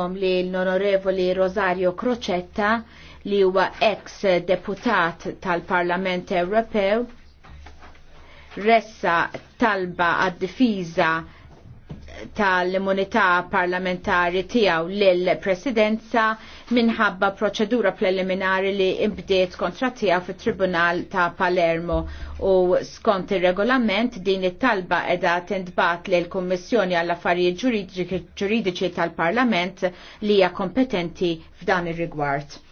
għom li l-onorevoli Rosario Crocetta li huwa ex deputat tal-Parlament Ewropew ressa talba għad-difiża tal-immunità parlamentari tiegħu lill-Presidenza minħabba proċedura preliminari li imbdiet kontra tiegħu fit-Tribunal ta' Palermo u skont ir-regolament din it-talba qiegħda tintbat lil kummissjoni għall affarijiet ġuridiċi tal-Parlament li hija kompetenti f'dan ir-rigward.